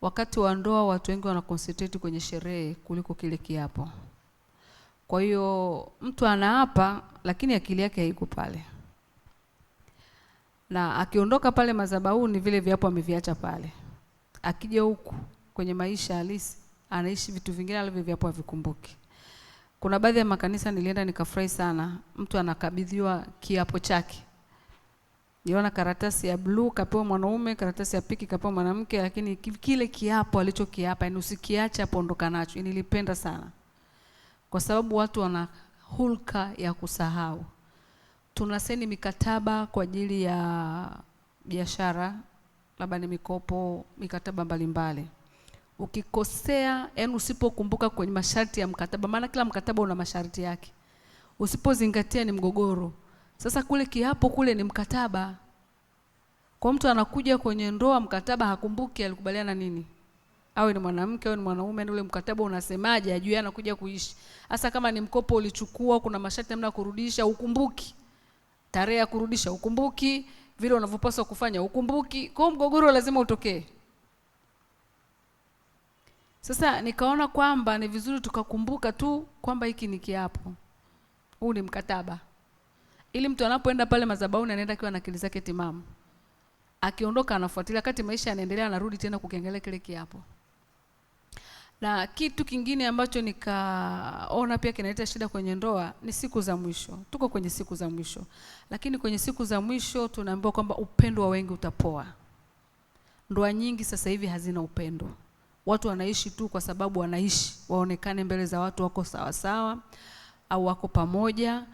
Wakati wa ndoa watu wengi wana concentrate kwenye sherehe kuliko kile kiapo. Kwa hiyo mtu anaapa, lakini akili yake haiko pale, na akiondoka pale madhabahuni, vile viapo ameviacha pale. Akija huku kwenye maisha halisi, anaishi vitu vingine viapo havikumbuki. Kuna baadhi ya makanisa nilienda nikafurahi sana, mtu anakabidhiwa kiapo chake Yona karatasi ya bluu kapewa mwanaume, karatasi ya piki kapewa mwanamke, lakini kile kiapo alichokiapa, yani usikiache hapo ondoka nacho. Nilipenda sana kwa sababu watu wana hulka ya kusahau. Tunasaini mikataba kwa ajili ya biashara, labda ni mikopo, mikataba mbalimbali mbali. Ukikosea yani, usipokumbuka kwenye masharti ya mkataba, maana kila mkataba una masharti yake, usipozingatia ni mgogoro. Sasa kule kiapo kule ni mkataba kwa mtu anakuja kwenye ndoa, mkataba hakumbuki alikubaliana nini, awe ni mwanamke awe ni mwanaume, ule mkataba unasemaje? Ajui anakuja kuishi. Hasa kama ni mkopo ulichukua, kuna masharti namna kurudisha, ukumbuki tarehe ya kurudisha, ukumbuki vile unavyopaswa kufanya, ukumbuki. Kwa hiyo mgogoro lazima utokee. Sasa nikaona kwamba ni vizuri tukakumbuka tu kwamba hiki ni kiapo, huu ni mkataba, ili mtu anapoenda pale madhabahuni anaenda akiwa na akili zake timamu akiondoka anafuatilia, kati maisha yanaendelea, anarudi tena kukiangalia kile kiapo. Na kitu kingine ambacho nikaona pia kinaleta shida kwenye ndoa ni siku za mwisho. Tuko kwenye siku za mwisho, lakini kwenye siku za mwisho tunaambiwa kwamba upendo wa wengi utapoa. Ndoa nyingi sasa hivi hazina upendo, watu wanaishi tu kwa sababu wanaishi, waonekane mbele za watu wako sawasawa, au wako pamoja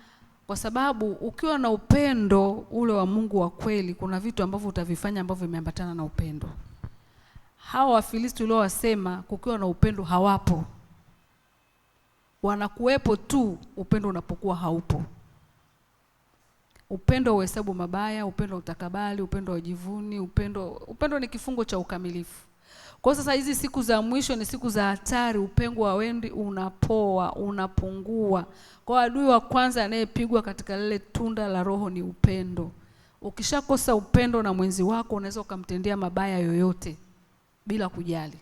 kwa sababu ukiwa na upendo ule wa Mungu wa kweli, kuna vitu ambavyo utavifanya ambavyo vimeambatana na upendo. Hawa Wafilisti uliowasema kukiwa na upendo hawapo, wanakuwepo tu upendo unapokuwa haupo. Upendo uhesabu mabaya, upendo wa utakabali, upendo wa jivuni, upendo upendo ni kifungo cha ukamilifu. Kwa sasa hizi siku za mwisho ni siku za hatari, upengo wa wendi unapoa, unapungua. Kwa adui wa kwanza anayepigwa katika lile tunda la Roho ni upendo. Ukishakosa upendo na mwenzi wako, unaweza ukamtendea mabaya yoyote bila kujali.